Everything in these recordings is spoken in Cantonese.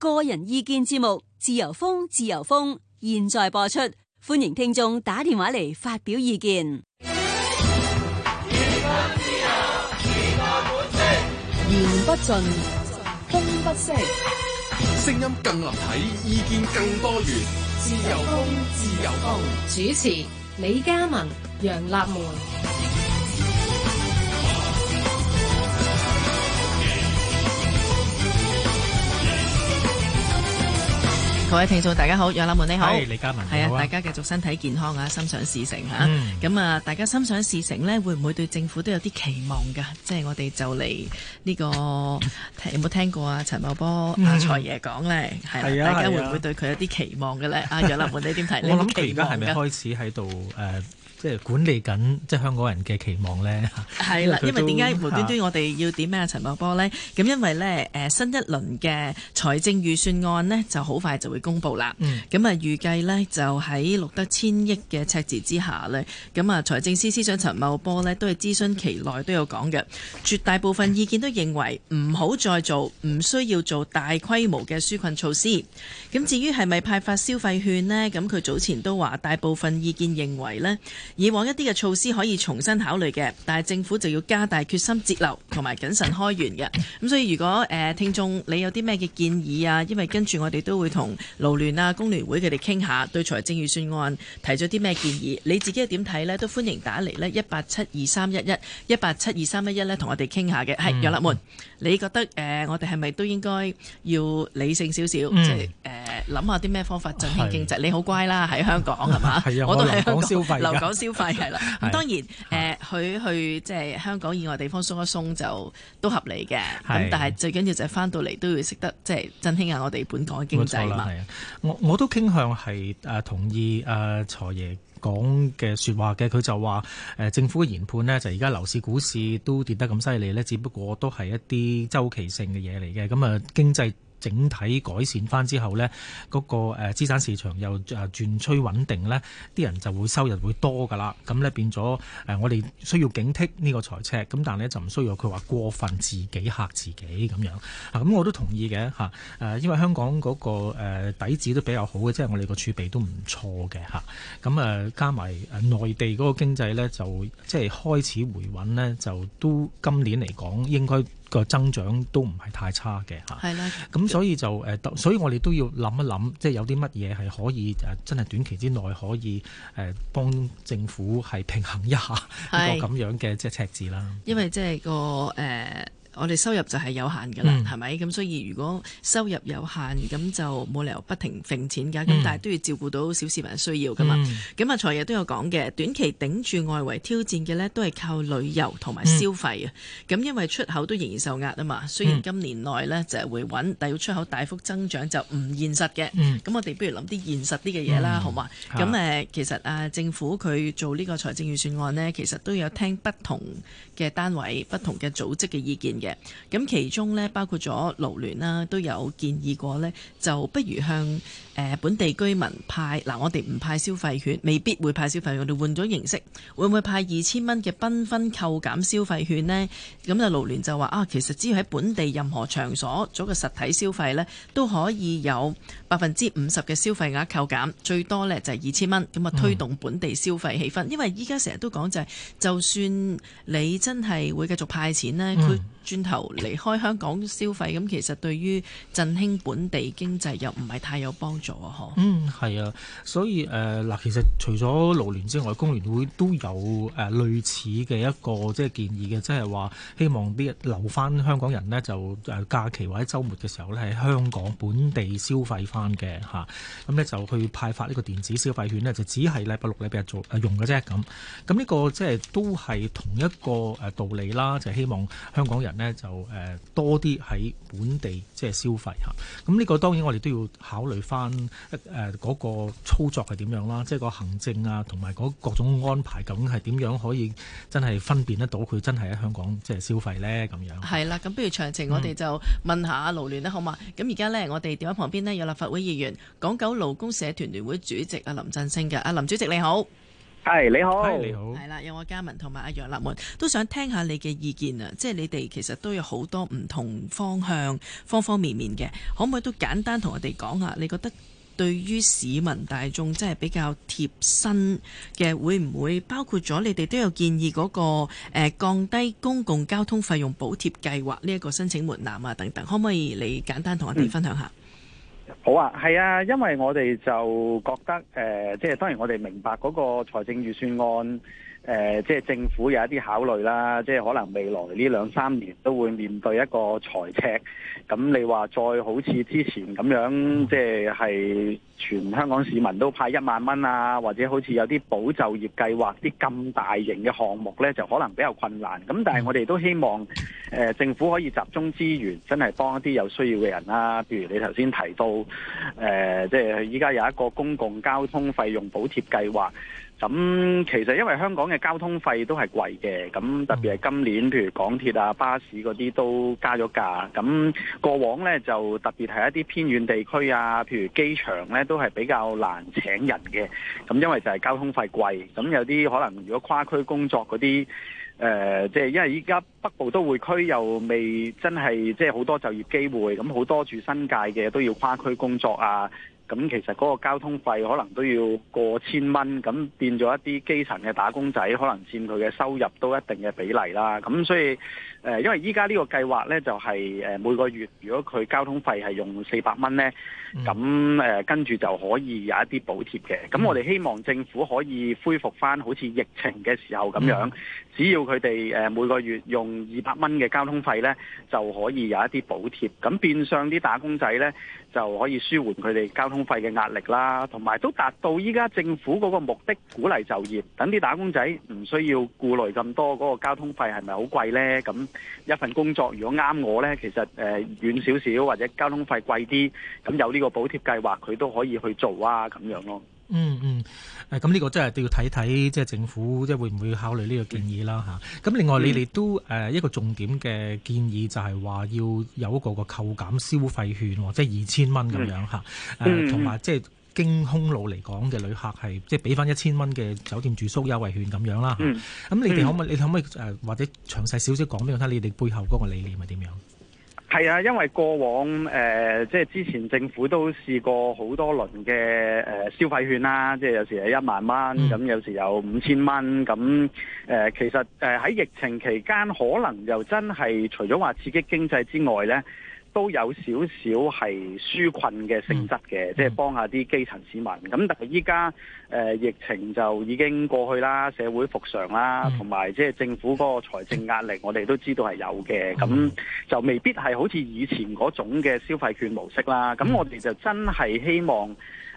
個人意見節目《自由風》，自由風，現在播出，歡迎聽眾打電話嚟發表意見。言不盡，風不息，聲音更立體，意見更多元。自由風，自由風，主持李嘉文、楊立門。各位聽眾，大家好，楊立門你好，係李嘉文，係啊，大家繼續身體健康啊，心想事成嚇、啊。咁、嗯、啊，大家心想事成咧，會唔會對政府都有啲期望㗎？即係我哋就嚟呢、呢個有冇聽過啊？陳茂波阿財、嗯、爺講咧、啊啊，大家會唔會對佢有啲期望嘅咧、啊？啊，楊立門，你點睇呢？我諗佢而家係咪開始喺度誒？呃即係管理緊，即係香港人嘅期望呢？係啦，因為點解無端端我哋要點咩啊？陳茂波呢？咁因為呢，新一輪嘅財政預算案呢就好快就會公布啦。咁、嗯、啊，預計呢就喺錄得千億嘅赤字之下呢，咁啊，財政司司長陳茂波呢都係諮詢期內都有講嘅，絕大部分意見都認為唔好再做，唔需要做大規模嘅紓困措施。咁至於係咪派發消費券呢？咁佢早前都話，大部分意見認為呢。以往一啲嘅措施可以重新考慮嘅，但係政府就要加大決心節流同埋謹慎開源嘅。咁所以如果誒、呃、聽眾你有啲咩嘅建議啊，因為跟住我哋都會同勞聯啊、工聯會佢哋傾下對財政預算案提咗啲咩建議，你自己係點睇咧？都歡迎打嚟咧一八七二三一一一八七二三一一咧同我哋傾下嘅。係、嗯、楊立門，你覺得誒、呃、我哋係咪都應該要理性少少，即係誒諗下啲咩方法振興經濟，你好乖啦，喺香港係嘛？我都喺香港消費。消費係啦，咁 當然，誒佢、呃、去即係香港以外地方鬆一鬆就都合理嘅，咁但係最緊要就係翻到嚟都要識得，即係振興下我哋本港嘅經濟嘛。是我我都傾向係誒同意阿財爺講嘅說的話嘅，佢就話誒、呃、政府嘅研判呢，就而家樓市、股市都跌得咁犀利呢，只不過都係一啲周期性嘅嘢嚟嘅，咁啊經濟。整體改善翻之後呢嗰個資產市場又誒轉趨穩定呢啲人就會收入會多噶啦。咁呢變咗我哋需要警惕呢個財赤。咁但係呢，就唔需要佢話過分自己嚇自己咁樣。啊，咁我都同意嘅嚇，啊，因為香港嗰個，啊，底子都比較好嘅，即係我哋個儲備都唔錯嘅嚇。咁，啊，加埋內地嗰個經濟呢，就即係開始回穩呢，就都今年嚟講應該，個增長都唔係太差嘅嚇，係啦。咁所以就誒，所以我哋都要諗一諗，即係有啲乜嘢係可以誒，真係短期之內可以誒，幫政府係平衡一下呢個咁樣嘅即係赤字啦。因為即係個誒。呃我哋收入就係有限噶啦，係、嗯、咪？咁所以如果收入有限，咁就冇理由不停揈錢噶。咁、嗯、但係都要照顧到小市民需要㗎嘛。咁、嗯、啊，財爺都有講嘅，短期頂住外圍挑戰嘅呢，都係靠旅遊同埋消費啊。咁、嗯、因為出口都仍然受壓啊嘛、嗯，雖然今年內呢，就係回穩，但要出口大幅增長就唔現實嘅。咁、嗯、我哋不如諗啲現實啲嘅嘢啦，好嘛？咁、嗯、其實啊，政府佢做呢個財政預算案呢，其實都有聽不同嘅單位、不同嘅組織嘅意見。嘅咁，其中咧包括咗勞聯啦、啊，都有建議過咧，就不如向、呃、本地居民派嗱，我哋唔派消費券，未必會派消費券，我哋換咗形式，會唔會派二千蚊嘅繽紛扣減消費券呢？咁就勞聯就話啊，其實只要喺本地任何場所做個實體消費咧，都可以有百分之五十嘅消費額扣減，最多咧就係二千蚊，咁啊推動本地消費氣氛，嗯、因為依家成日都講就係、是，就算你真係會繼續派錢呢佢。嗯轉頭離開香港消費，咁其實對於振興本地經濟又唔係太有幫助啊！嗬，嗯，係啊，所以誒嗱、呃，其實除咗勞聯之外，工聯會都有誒、呃、類似嘅一個即係建議嘅，即係話希望啲留翻香港人呢，就誒、呃、假期或者週末嘅時候呢，喺香港本地消費翻嘅吓，咁、啊、呢就去派發呢個電子消費券呢，就只係禮拜六、禮拜日做用嘅啫咁。咁呢、呢個即係都係同一個誒道理啦，就係、希望香港人。就多啲喺本地即係消費嚇，咁呢個當然我哋都要考慮翻嗰個操作係點樣啦，即係個行政啊，同埋嗰各種安排，咁係點樣可以真係分辨得到佢真係喺香港即係消費呢？咁樣係啦，咁不如詳情，我哋就問下勞聯啦、嗯，好嘛？咁而家呢，我哋電話旁邊呢，有立法會議員港九勞工社團聯會主席啊林振昇嘅，阿林主席你好。係你好，Hi, 你好，係啦，有我嘉文同埋阿楊立文都想聽下你嘅意見啊，即係你哋其實都有好多唔同方向，方方面面嘅，可唔可以都簡單同我哋講下？你覺得對於市民大眾即係比較貼身嘅，會唔會包括咗你哋都有建議嗰個誒降低公共交通費用補貼計劃呢一個申請門檻啊等等，可唔可以你簡單同我哋分享下？嗯好啊，係啊，因為我哋就覺得，誒、呃，即係當然，我哋明白嗰個財政預算案。誒、呃，即係政府有一啲考慮啦，即係可能未來呢兩三年都會面對一個財赤，咁你話再好似之前咁樣，即係係全香港市民都派一萬蚊啊，或者好似有啲保就業計劃，啲咁大型嘅項目呢，就可能比較困難。咁但係我哋都希望、呃、政府可以集中資源，真係幫一啲有需要嘅人啦、啊。譬如你頭先提到誒、呃，即係依家有一個公共交通費用補貼計劃。咁其實因為香港嘅交通費都係貴嘅，咁特別係今年，譬如港鐵啊、巴士嗰啲都加咗價。咁過往咧就特別係一啲偏遠地區啊，譬如機場咧都係比較難請人嘅。咁因為就係交通費貴，咁有啲可能如果跨區工作嗰啲，誒即係因為依家北部都會區又未真係即係好多就業機會，咁好多住新界嘅都要跨區工作啊。咁其實嗰個交通費可能都要過千蚊，咁變咗一啲基層嘅打工仔，可能佔佢嘅收入都一定嘅比例啦。咁所以，誒，因為依家呢個計劃呢，就係每個月，如果佢交通費係用四百蚊呢，咁、嗯、誒跟住就可以有一啲補貼嘅。咁、嗯、我哋希望政府可以恢復翻好似疫情嘅時候咁樣，嗯，只要佢哋每個月用二百蚊嘅交通費呢，就可以有一啲補貼。咁變相啲打工仔呢，就可以舒緩佢哋交通費嘅壓力啦，同埋都達到依家政府嗰個目的，鼓勵就業，等啲打工仔唔需要顧慮咁多嗰、嗰個交通費係咪好貴呢？咁一份工作如果啱我呢，其實誒遠少少或者交通費貴啲，咁有呢個補貼計劃，佢都可以去做啊，咁樣咯。嗯嗯，誒，咁呢個真係都要睇睇，即係政府即係會唔會考慮呢個建議啦吓。咁、嗯、另外你哋都誒一個重點嘅建議就係話要有一個個扣減消費券，即係二千蚊咁樣吓，誒、嗯，同埋即係。經空路嚟講嘅旅客係，即係俾翻一千蚊嘅酒店住宿優惠券咁樣啦。咁、嗯、你哋可唔可以，嗯，你可唔可以，誒、呃，或者詳細少少講俾我睇，你哋背後嗰個理念係點樣？係啊，因為過往誒，即、呃、係之前政府都試過好多輪嘅誒消費券啦，即係有時係一萬蚊，咁、嗯、有時有五千蚊，咁、嗯、誒、呃，其實誒喺疫情期間，可能又真係除咗話刺激經濟之外呢，都有少少係紓困嘅性質嘅，即係幫下啲基層市民。咁但係依家誒疫情就已經過去啦，社會復常啦，同埋即係政府嗰個財政壓力，我哋都知道係有嘅。咁就未必係好似以前嗰種嘅消費券模式啦。咁我哋就真係希望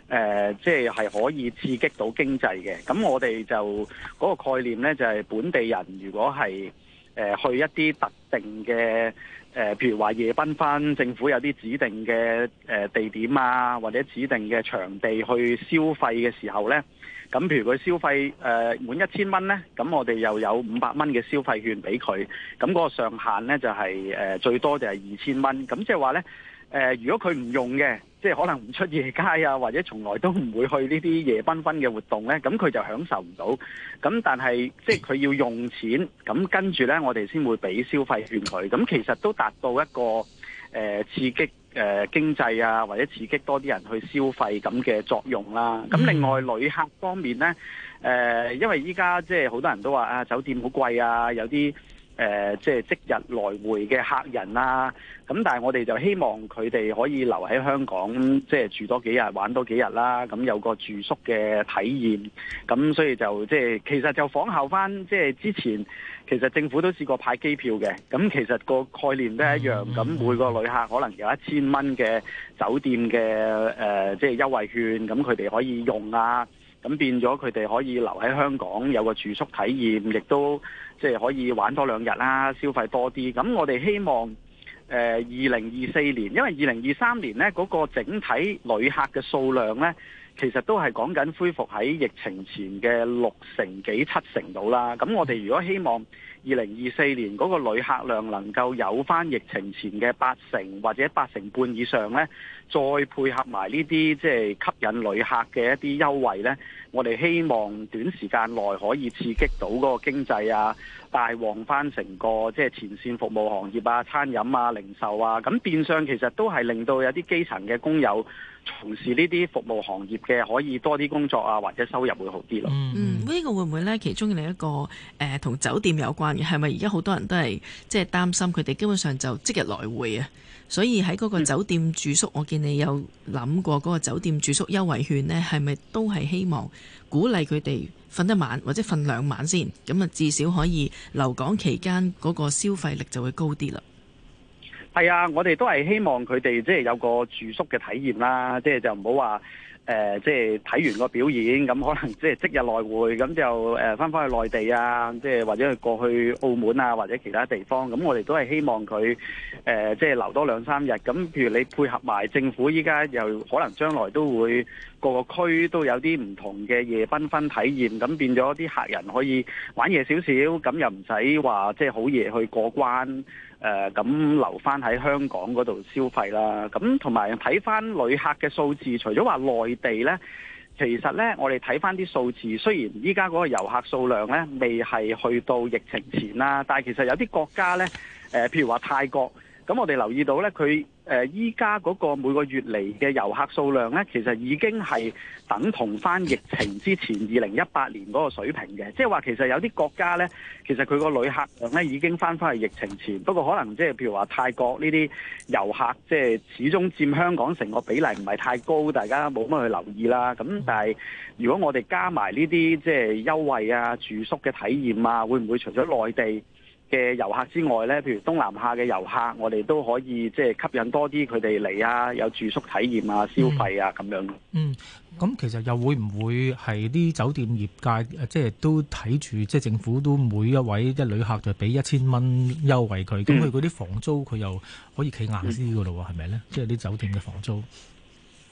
誒即係係可以刺激到經濟嘅。咁我哋就嗰、那個概念咧，就係、是、本地人如果係誒、呃、去一啲特定嘅。誒、呃，譬如話夜奔翻政府有啲指定嘅誒、呃、地點啊，或者指定嘅場地去消費嘅時候呢，咁譬如佢消費誒、呃、滿一千蚊呢，咁我哋又有五百蚊嘅消費券俾佢，咁嗰個上限呢、就係，就係誒最多就係二千蚊，咁即係話呢，誒、呃，如果佢唔用嘅。即係可能唔出夜街啊，或者從來都唔會去呢啲夜繽紛嘅活動呢，咁佢就享受唔到。咁但係即係佢要用錢，咁跟住呢，我哋先會俾消費券佢。咁其實都達到一個、呃、刺激誒、呃、經濟啊，或者刺激多啲人去消費咁嘅作用啦。咁另外旅客方面呢，呃、因為依家即係好多人都話啊，酒店好貴啊，有啲。誒、呃，即係即，即，即日來回嘅客人啦、啊，咁但係我哋就希望佢哋可以留喺香港，即係住多幾日、玩多幾日啦，咁、嗯、有個住宿嘅體驗。咁、嗯、所以就即係其實就仿效翻，即係之前其實政府都試過派機票嘅，咁、嗯、其實個概念都一樣。咁每個旅客可能有一千蚊嘅酒店嘅誒、呃，即係優惠券，咁佢哋可以用啊。咁、嗯、變咗佢哋可以留喺香港，有個住宿體驗，亦都。即係可以玩多兩日啦、啊，消費多啲。咁我哋希望誒二零二四年，因為二零二三年呢嗰、嗰個整體旅客嘅數量呢，其實都係講緊恢復喺疫情前嘅六成幾七成度啦。咁我哋如果希望，二零二四年嗰個旅客量能夠有翻疫情前嘅八成或者八成半以上呢再配合埋呢啲即係吸引旅客嘅一啲優惠呢我哋希望短時間內可以刺激到嗰個經濟啊，帶旺翻成個即係前線服務行業啊、餐飲啊、零售啊，咁變相其實都係令到有啲基層嘅工友。從事呢啲服務行業嘅可以多啲工作啊，或者收入會好啲咯。嗯，呢、這個會唔會呢？其中嘅另一個同、呃、酒店有關嘅係咪？而家好多人都係即係擔心佢哋基本上就即日來回啊，所以喺嗰個酒店住宿，嗯、我見你有諗過嗰、那個酒店住宿優惠券呢，係咪都係希望鼓勵佢哋瞓一晚或者瞓兩晚先，咁啊至少可以留港期間嗰個消費力就會高啲啦。係啊，我哋都係希望佢哋即係有個住宿嘅體驗啦，即係就唔好話誒，即係睇完個表演咁，可能即係即日來回咁就返翻返去內地啊，即係或者去過去澳門啊，或者其他地方。咁我哋都係希望佢、呃、即係留多兩三日。咁譬如你配合埋政府，依家又可能將來都會個個區都有啲唔同嘅夜繽紛體驗，咁變咗啲客人可以玩夜少少，咁又唔使話即係好夜去過關。誒、呃、咁留翻喺香港嗰度消費啦，咁同埋睇翻旅客嘅數字，除咗話內地呢，其實呢，我哋睇翻啲數字，雖然依家嗰個遊客數量呢未係去到疫情前啦，但係其實有啲國家呢，呃、譬如話泰國。咁我哋留意到呢，佢誒依家嗰個每個月嚟嘅遊客數量呢，其實已經係等同翻疫情之前二零一八年嗰個水平嘅。即係話其實有啲國家呢，其實佢個旅客量呢已經翻返去疫情前。不過可能即係譬如話泰國呢啲遊客，即係始終佔香港成個比例唔係太高，大家冇乜去留意啦。咁但係如果我哋加埋呢啲即係優惠啊、住宿嘅體驗啊，會唔會除咗內地嘅遊客之外呢，譬如東南亞嘅遊客，我哋都可以即係吸引多啲佢哋嚟啊，有住宿體驗啊、消費啊咁、嗯、樣。嗯，咁其實又會唔會係啲酒店業界，即係都睇住，即係政府都每一位一旅客就俾一千蚊優惠佢，咁佢嗰啲房租佢又可以企硬啲噶咯喎？係、嗯、咪呢？即係啲酒店嘅房租。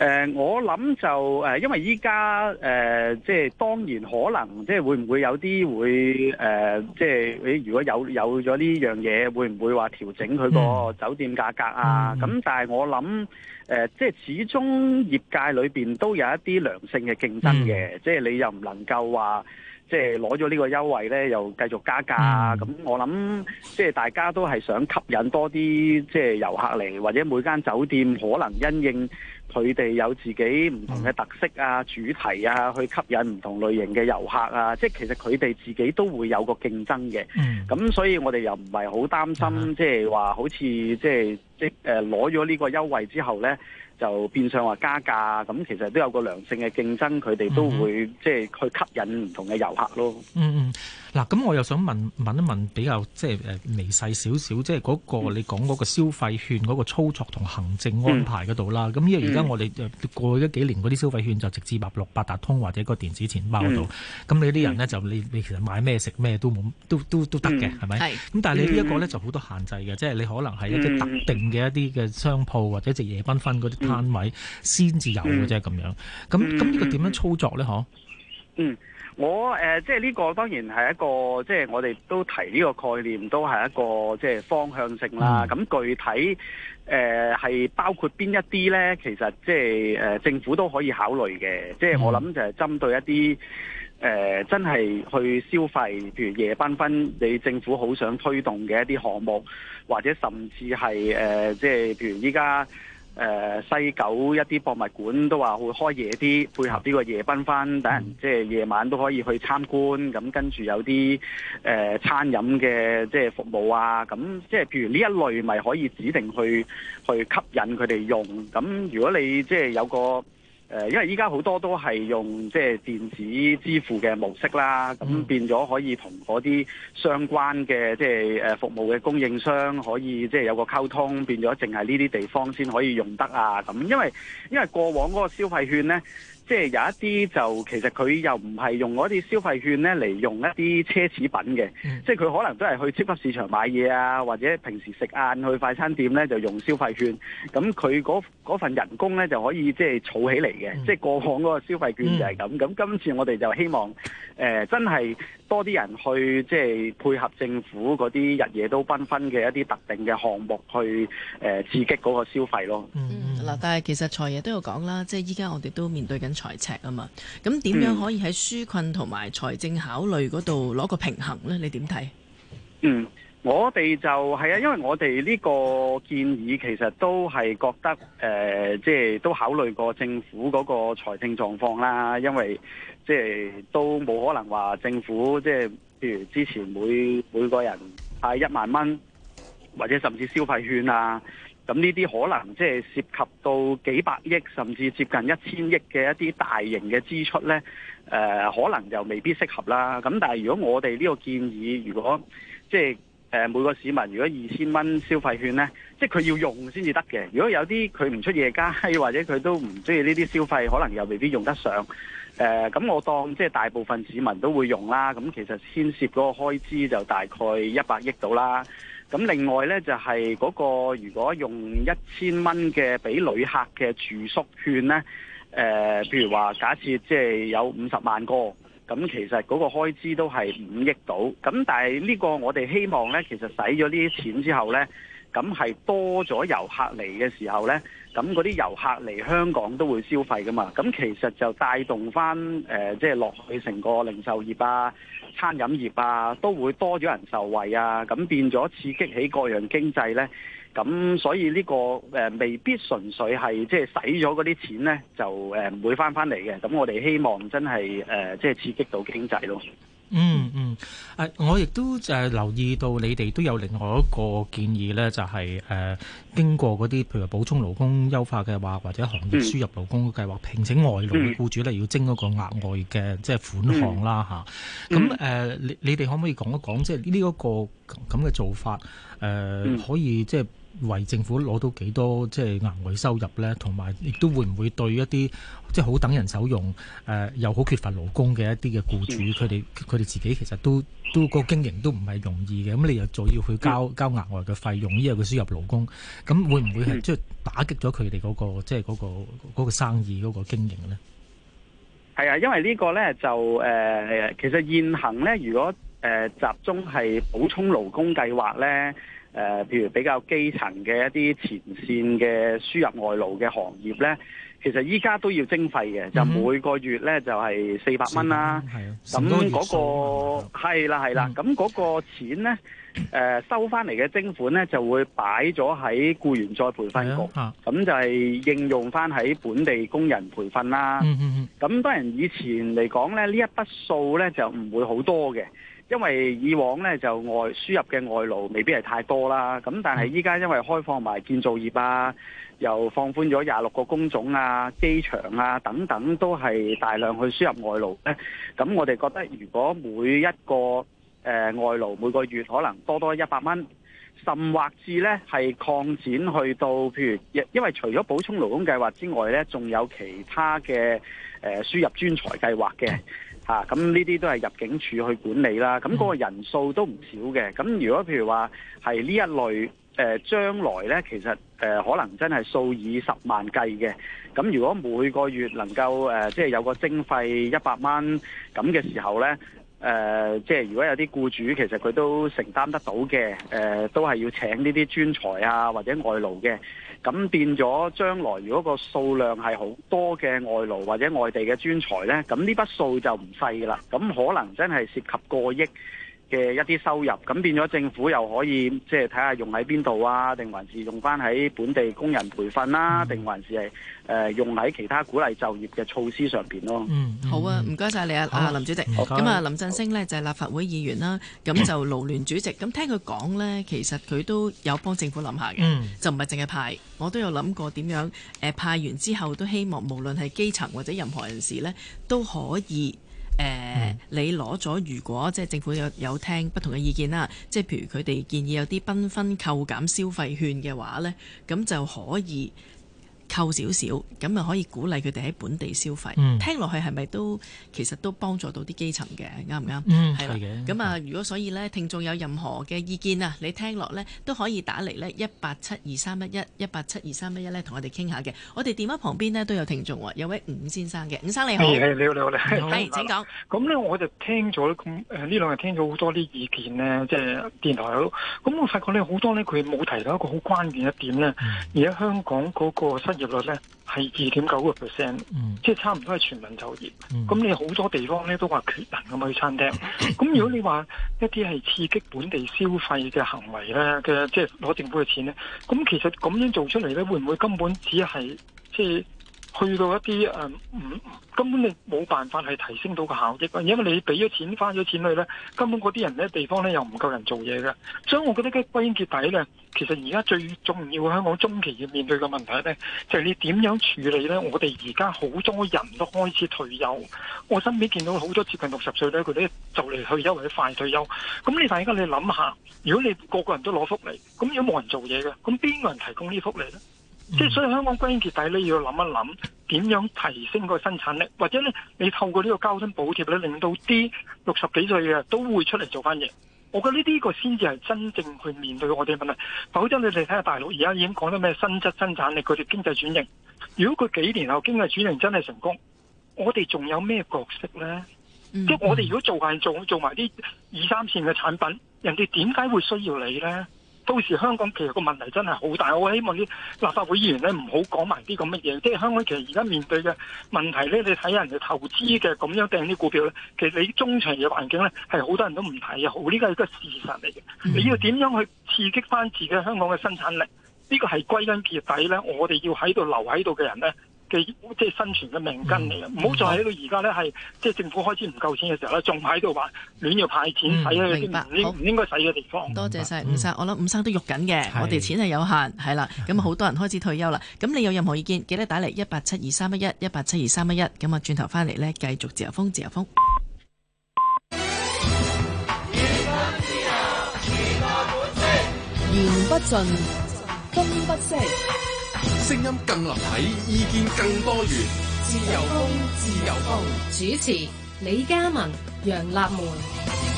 誒、呃，我諗就誒，因為依家誒，即係當然可能，即係會唔會有啲會誒、呃，即係如果有有咗呢樣嘢，會唔會話調整佢個酒店價格啊？咁、嗯、但係我諗誒、呃，即係始終業界裏邊都有一啲良性嘅競爭嘅、嗯，即係你又唔能夠話即係攞咗呢個優惠呢，又繼續加價啊！咁、嗯嗯、我諗即係大家都係想吸引多啲即係遊客嚟，或者每間酒店可能因應。佢哋有自己唔同嘅特色啊、主題啊，去吸引唔同類型嘅遊客啊。即係其實佢哋自己都會有個競爭嘅。咁所以我哋又唔係好擔心，即係話好似即係即誒攞咗呢個優惠之後咧。就變相話加價咁，其實都有個良性嘅競爭，佢哋都會即係、就是、去吸引唔同嘅遊客咯。嗯嗯，嗱、嗯，咁我又想問問一問，比較即係微細少少，即係嗰、那個、嗯、你講嗰個消費券嗰個操作同行政安排嗰度啦。咁、嗯、因為而家我哋過咗幾年嗰啲消費券就直接入六八達通或者個電子錢包度。咁、嗯、你啲人呢，就你你其實買咩食咩都冇都都都得嘅，係、嗯、咪？係。咁但係你這呢一個咧就好多限制嘅、嗯，即係你可能係一啲特定嘅一啲嘅商鋪或者夜繽紛嗰啲。單位先至有嘅啫，咁、嗯、樣。咁咁呢個點樣操作咧？嗬？嗯，我誒即係呢個當然係一個，即係我哋都提呢個概念，都係一個，即係方向性啦。咁、嗯、具體誒係、呃、包括邊一啲咧？其實即係誒、呃、政府都可以考慮嘅。即係我諗就係針對一啲誒、呃、真係去消費，譬如夜繽紛，你政府好想推動嘅一啲項目，或者甚至係，誒、呃、即係譬如依家。誒、呃、西九一啲博物館都話會開夜啲，配合呢個夜繽紛，等人即係夜晚都可以去參觀。咁跟住有啲誒、呃、餐飲嘅即係服務啊，咁即係譬如呢一類咪可以指定去去吸引佢哋用。咁如果你即係有個。誒，因為依家好多都係用即係電子支付嘅模式啦，咁變咗可以同嗰啲相關嘅即係誒服務嘅供應商可以即係有個溝通，變咗淨係呢啲地方先可以用得啊，咁，因為因為過往嗰個消費券咧。即係有一啲就其實佢又唔係用嗰啲消費券咧嚟用一啲奢侈品嘅，即係佢可能都係去超級市場買嘢啊，或者平時食晏去快餐店咧就用消費券，咁佢嗰嗰份人工咧就可以即係儲起嚟嘅，即係、嗯、過往嗰個消費券就係咁。咁今次我哋就希望誒、呃、真係。多啲人去即係配合政府嗰啲日夜都繽紛嘅一啲特定嘅項目去誒、呃、刺激嗰個消費咯。嗯，嗱、嗯嗯，但係其實財爺都有講啦，即係依家我哋都面對緊財赤啊嘛。咁點樣可以喺紓困同埋財政考慮嗰度攞個平衡咧？你點睇？嗯，我哋就係啊，因為我哋呢個建議其實都係覺得誒、呃，即係都考慮過政府嗰個財政狀況啦，因為。即係都冇可能話政府即係，譬如之前每每個人派一萬蚊，或者甚至消費券啊，咁呢啲可能即係涉及到幾百億甚至接近一千億嘅一啲大型嘅支出呢，誒可能就未必適合啦。咁但係如果我哋呢個建議，如果即係誒每個市民如果二千蚊消費券呢，即係佢要用先至得嘅。如果有啲佢唔出夜街，或者佢都唔中意呢啲消費，可能又未必用得上。誒、呃、咁，我當即係大部分市民都會用啦。咁其實牽涉嗰個開支就大概一百億到啦。咁另外呢，就係、是、嗰個，如果用一千蚊嘅俾旅客嘅住宿券呢，誒、呃，譬如話假設即係有五十萬個，咁其實嗰個開支都係五億到。咁但係呢個我哋希望呢，其實使咗呢啲錢之後呢，咁係多咗遊客嚟嘅時候呢。咁嗰啲遊客嚟香港都會消費噶嘛，咁其實就帶動翻誒，即係落去成個零售業啊、餐飲業啊，都會多咗人受惠啊，咁變咗刺激起各樣經濟咧。咁所以呢個誒未必純粹係即係使咗嗰啲錢咧，就誒唔會翻翻嚟嘅。咁我哋希望真係誒即係刺激到經濟咯。嗯嗯，誒、嗯、我亦都誒留意到你哋都有另外一個建議，咧、就是，就係誒經過嗰啲譬如補充勞工優化計劃或者行業輸入勞工計劃聘請外勞嘅僱主咧要徵嗰個額外嘅、嗯、即係款項啦吓，咁、嗯、誒、嗯呃，你你哋可唔可以講一講即係呢一個咁嘅做法誒、呃嗯、可以即係。為政府攞到幾多即係額外收入呢？同埋亦都會唔會對一啲即係好等人手用，誒、呃，又好缺乏勞工嘅一啲嘅僱主，佢哋佢哋自己其實都都、嗰個經營都唔係容易嘅。咁你又仲要去交交額外嘅費用，依個佢輸入勞工，咁會唔會係即係打擊咗佢哋嗰個即係、嗯嗰個、即係嗰個嗰個生意嗰、嗰個經營呢？係啊，因為呢個呢，就誒、呃，其實現行呢，如果誒、呃、集中係補充勞工計劃呢。誒、呃，譬如比較基層嘅一啲前線嘅輸入外勞嘅行業咧，其實依家都要徵費嘅、嗯，就每個月咧就係四百蚊啦。係、啊，咁嗰、那個係啦係啦，咁嗰、那個啊啊啊啊、個錢咧，誒、呃、收翻嚟嘅徵款咧就會擺咗喺僱員再培訓局，咁、啊啊、就係應用翻喺本地工人培訓啦。嗯嗯嗯，咁、嗯、當然以前嚟講咧，呢一筆數咧就唔會好多嘅。因為以往咧就外輸入嘅外勞未必係太多啦，咁但係依家因為開放埋建造業啊，又放寬咗廿六個工種啊、機場啊等等，都係大量去輸入外勞咧。咁我哋覺得如果每一個誒、呃、外勞每個月可能多多一百蚊，甚或至咧係擴展去到譬如，因因為除咗補充勞工計劃之外咧，仲有其他嘅誒、呃、輸入專才計劃嘅。啊，咁呢啲都係入境處去管理啦。咁嗰個人數都唔少嘅。咁如果譬如話係呢一類，誒、呃、將來呢其實誒、呃、可能真係數以十萬計嘅。咁如果每個月能夠誒、呃、即係有個徵費一百蚊咁嘅時候呢，誒、呃、即係如果有啲僱主其實佢都承擔得到嘅，誒、呃、都係要請呢啲專才啊或者外勞嘅。咁變咗，將來如果個數量係好多嘅外勞或者外地嘅專才咧，咁呢筆數就唔細啦。咁可能真係涉及過億。嘅一啲收入，咁變咗政府又可以即係睇下用喺邊度啊？定還是用翻喺本地工人培訓啦？定還是係誒用喺其他鼓勵就業嘅措施上邊咯？嗯，好啊，唔該晒你啊，阿林主席。咁啊，林振昇呢就係立法會議員啦，咁就勞聯主席。咁聽佢講呢，其實佢都有幫政府諗下嘅，就唔係淨係派。我都有諗過點樣誒派完之後都希望，無論係基層或者任何人士呢都可以。誒、呃嗯，你攞咗，如果即係政府有有聽不同嘅意見啦，即係譬如佢哋建議有啲分紛扣減消費券嘅話呢，咁就可以。扣少少，咁啊可以鼓勵佢哋喺本地消費，嗯。聽落去係咪都其實都幫助到啲基層嘅，啱唔啱？係、嗯、嘅。咁啊，如果所以咧，聽眾有任何嘅意見啊，你聽落咧都可以打嚟咧一八七二三一一一八七二三一一咧，同我哋傾下嘅。我哋電話旁邊呢都有聽眾喎，有位伍先生嘅，伍生你好，、嗯、你好。你好你好你好。歡迎請講。咁、嗯、咧我就聽咗咁誒呢兩日聽咗好多啲意見呢，即、就、係、是、電台口。咁我發覺咧好多呢，佢冇提到一個好關鍵一點咧，而家香港嗰個業率咧係二點九個 percent，即係差唔多係全民就業。咁、嗯、你好多地方咧都話缺人咁去餐廳。咁 如果你話一啲係刺激本地消費嘅行為咧嘅，即係攞政府嘅錢咧，咁其實咁樣做出嚟咧，會唔會根本只係即係？去到一啲誒，唔、嗯、根本你冇辦法係提升到個效益，因為你俾咗錢，返咗錢去咧，根本嗰啲人咧地方咧又唔夠人做嘢嘅，所以我覺得嘅歸結底咧，其實而家最重要香港中期要面對嘅問題咧，就係、是、你點樣處理咧？我哋而家好多人都開始退休，我身邊見到好多接近六十歲咧，佢哋就嚟退休或者快退休，咁你突然間你諗下，如果你個個人都攞福利，咁如果冇人做嘢嘅，咁邊個人提供呢福利咧？即、嗯、係所以香港歸根結底咧，你要諗一諗點樣提升個生產力，或者咧你透過呢個交通補貼咧，令到啲六十幾歲嘅都會出嚟做翻嘢。我覺得呢啲個先至係真正去面對我哋嘅問題。否則你哋睇下大陸而家已經講咗咩新質生產力，佢哋經濟轉型。如果佢幾年後經濟轉型真係成功，我哋仲有咩角色咧、嗯？即係我哋如果做下，做做埋啲二三線嘅產品，人哋點解會需要你咧？到時香港其實個問題真係好大，我希望啲立法會議員咧唔好講埋啲咁乜嘢。即係香港其實而家面對嘅問題咧，你睇人哋投資嘅咁樣掟啲股票咧，其實你中長期嘅環境咧係好多人都唔睇啊！好呢個係一個事實嚟嘅。你要點樣去刺激返自己香港嘅生產力？呢個係歸根結底咧，我哋要喺度留喺度嘅人咧。即係生存嘅命根嚟，唔、嗯、好再喺度。而家咧係即係政府開始唔夠錢嘅時候咧，仲喺度話亂要派錢使啊！唔、嗯、應唔應該使嘅地方。多謝晒、嗯、五生，我諗五生都喐緊嘅。我哋錢係有限，係啦，咁啊好多人開始退休啦。咁你有任何意見，記得打嚟一八七二三一一一八七二三一一。咁啊，轉頭翻嚟咧，繼續自由風，自由風。言不盡，風不息。聲音更立體，意見更多元。自由風，自由風。主持：李嘉文、楊立門。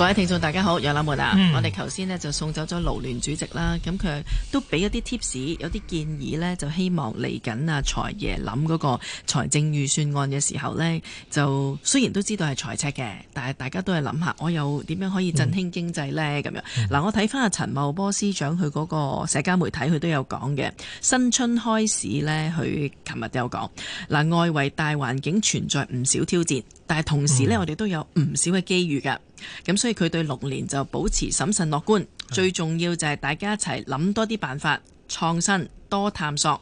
各位聽眾，大家好，楊立文啊，嗯、我哋頭先呢就送走咗勞聯主席啦。咁佢都俾一啲 tips，有啲建議呢就希望嚟緊啊財爺諗嗰個財政預算案嘅時候呢，就雖然都知道係財赤嘅，但係大家都係諗下，我又點樣可以振興經濟呢。咁、嗯、樣嗱、啊，我睇翻阿陳茂波司長佢嗰個社交媒體，佢都有講嘅。新春開始呢，佢琴日都有講嗱、啊，外圍大環境存在唔少挑戰，但係同時呢，嗯、我哋都有唔少嘅機遇㗎。咁所以佢對六年就保持審慎樂觀、嗯，最重要就係大家一齊諗多啲辦法，創新多探索，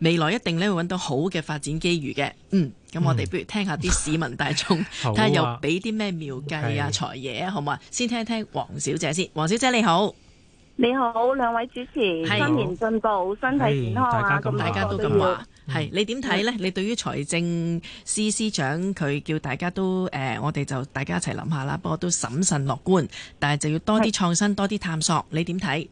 未來一定咧會揾到好嘅發展機遇嘅。嗯，咁我哋不如聽下啲市民大眾，睇下又俾啲咩妙計啊、財 爺、啊，好唔好啊？先、okay、聽聽黃小姐先。黃小姐你好，你好，兩位主持，新年進步，身體健康、啊哎、大家咁話大家都咁話。係，你點睇呢？你對於財政司司長佢叫大家都誒、呃，我哋就大家一齊諗下啦。不過都審慎樂觀，但係就要多啲創新，多啲探索。你點睇？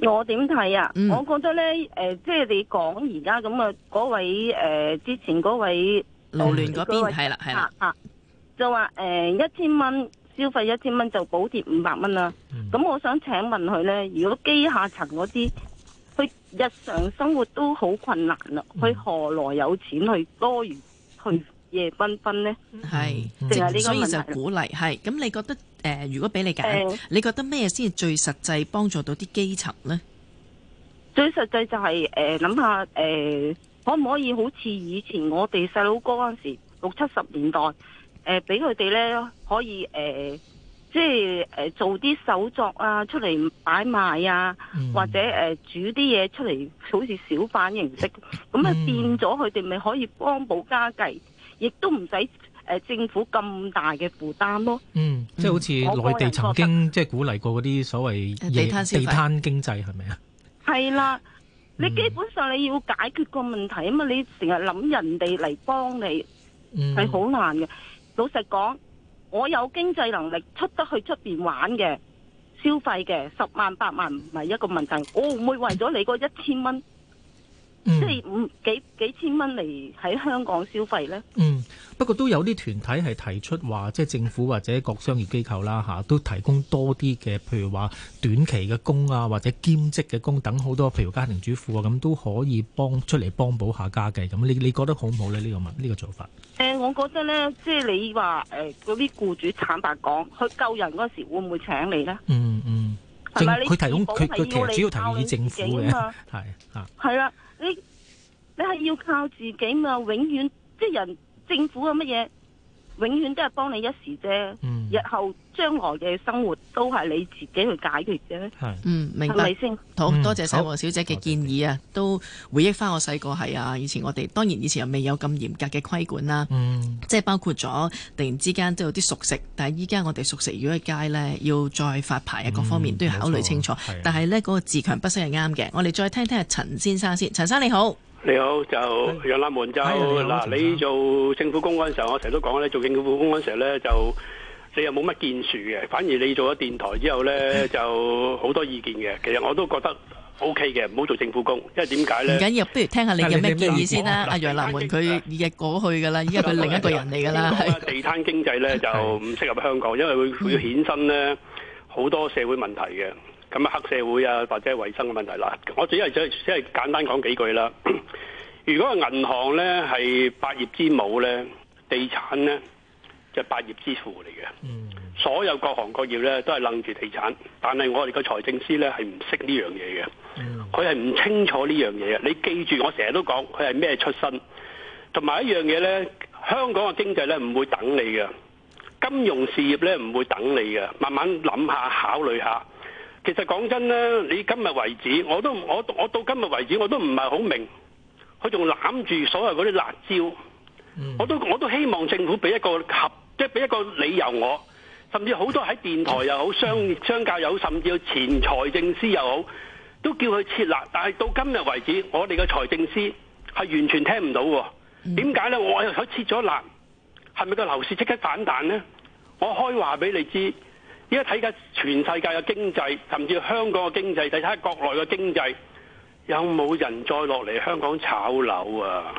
我點睇啊、嗯？我覺得呢，誒、呃，即係你講而家咁啊，嗰位誒、呃，之前嗰位勞聯嗰邊係啦，係啊，就話誒一千蚊消費一千蚊就補貼五百蚊啦。咁、嗯、我想請問佢呢，如果基下層嗰啲佢日常生活都好困難啦，佢何來有錢去多餘去夜繽紛呢？係，正係呢個問題。所以就鼓勵係，咁你覺得誒、呃，如果俾你揀、呃，你覺得咩先係最實際幫助到啲基層呢？最實際就係、是、誒，諗下誒，可唔可以好似以前我哋細佬哥嗰陣時六七十年代誒，俾佢哋咧可以誒。呃即係誒、呃，做啲手作啊，出嚟擺賣啊，嗯、或者誒、呃，煮啲嘢出嚟，好似小販形式，咁、嗯、啊變咗佢哋咪可以幫補家計，亦都唔使誒政府咁大嘅負擔咯、啊。嗯，即係好似、嗯、內地曾經、那個、即係鼓勵過嗰啲所謂地攤經濟係咪啊？係啦，你基本上你要解決個問題啊嘛，嗯、你成日諗人哋嚟幫你，係、嗯、好難嘅。老實講。我有經濟能力出得去出邊玩嘅消費嘅十萬八萬唔係一個問題，我唔會為咗你嗰一千蚊。嗯、即係五幾幾千蚊嚟喺香港消費咧？嗯，不過都有啲團體係提出話，即係政府或者各商業機構啦嚇、啊，都提供多啲嘅，譬如話短期嘅工啊，或者兼職嘅工等很多，好多譬如家庭主婦啊咁都可以幫出嚟幫補下家計。咁你你覺得好唔好咧？呢、呢個問呢、呢個做法？誒、欸，我覺得咧，即係你話誒嗰啲僱主坦白講，佢救人嗰陣時會唔會請你咧？嗯嗯。佢提供佢其實主要提供俾政府嘅？係 啊。係啊。你你係要靠自己嘛？永遠即係人政府啊乜嘢？永遠都係幫你一時啫、嗯，日後將來嘅生活都係你自己去解決啫。嗯，明白，係咪先、嗯？好，多謝晒王小姐嘅建議啊，都回憶翻我細個係啊，以前我哋當然以前又未有咁嚴格嘅規管啦、嗯。即係包括咗突然之間都有啲熟食，但係依家我哋熟食如果街呢，要再發牌啊，各方面都要考慮清楚。嗯、但係呢、嗰個自強不息係啱嘅。我哋再聽聽阿陳先生先，陳生你好。你好，就楊立門。就嗱、哎，你做政府工嗰時候，我成日都講咧，做政府工嗰時候咧，就你又冇乜建樹嘅，反而你做咗電台之後咧，就好多意見嘅。其實我都覺得 OK 嘅，唔好做政府工，因為點解咧？唔緊要，不如聽下你有咩建議先啦、啊。阿楊立門佢日過去噶啦，依家佢另一個人嚟噶啦。因為地攤經濟咧就唔適合香港，因為佢佢衍生咧好多社會問題嘅。咁黑社會啊，或者衞生嘅問題啦、啊，我只係只係簡單講幾句啦。 如果銀行咧係百業之母咧，地產咧就係百業之父嚟嘅。嗯，所有各行各業咧都係楞住地產，但係我哋嘅財政司咧係唔識呢樣嘢嘅，佢係唔清楚呢樣嘢嘅。你記住，我成日都講佢係咩出身，同埋一樣嘢咧，香港嘅經濟咧唔會等你嘅，金融事業咧唔會等你嘅，慢慢諗下考慮一下。其實講真咧，你今日為止，我都我我到今日為止，我都唔係好明，佢仲攬住所謂嗰啲辣招。我都我都希望政府俾一個合，即係俾一個理由我。甚至好多喺電台又好，商商界又好，甚至前財政司又好，都叫佢撤辣。但係到今日為止，我哋嘅財政司係完全聽唔到。點解呢？我又想撤咗辣，係咪個樓市即刻反彈呢？我開話俾你知。依家睇緊全世界嘅經濟，甚至香港嘅經濟，睇睇國內嘅經濟，有冇人再落嚟香港炒樓啊！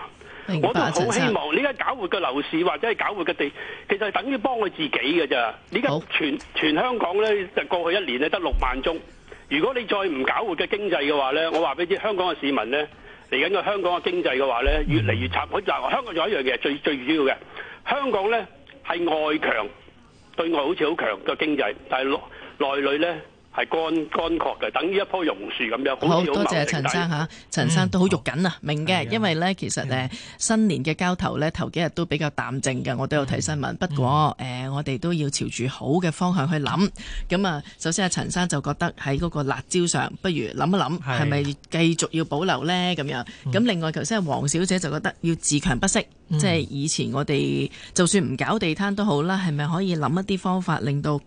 我都好希望，依家搞活嘅樓市或者係搞活嘅地，其實係等於幫佢自己嘅啫。依家全全香港咧，就過去一年咧得六萬宗。如果你再唔搞活嘅經濟嘅話咧，我話俾你知，香港嘅市民咧，嚟緊個香港嘅經濟嘅話咧，越嚟越插唔插？香港仲有一樣嘢最最主要嘅，香港咧係外強。對外好似好強，個經濟，但係內內裏咧。係乾乾確嘅，等於一棵榕樹咁樣。好，好多謝陳生嚇、啊，陳生都好肉緊啊，嗯、明嘅、嗯。因為咧，其實誒、嗯、新年嘅交投咧，頭幾日都比較淡靜嘅。我都有睇新聞。嗯、不過誒、嗯呃，我哋都要朝住好嘅方向去諗。咁、嗯、啊，首先阿陳生就覺得喺嗰個辣椒上，不如諗一諗，係咪繼續要保留咧？咁樣。咁、嗯、另外，頭先阿黃小姐就覺得要自強不息、嗯，即係以前我哋就算唔搞地攤都好啦，係咪可以諗一啲方法令到？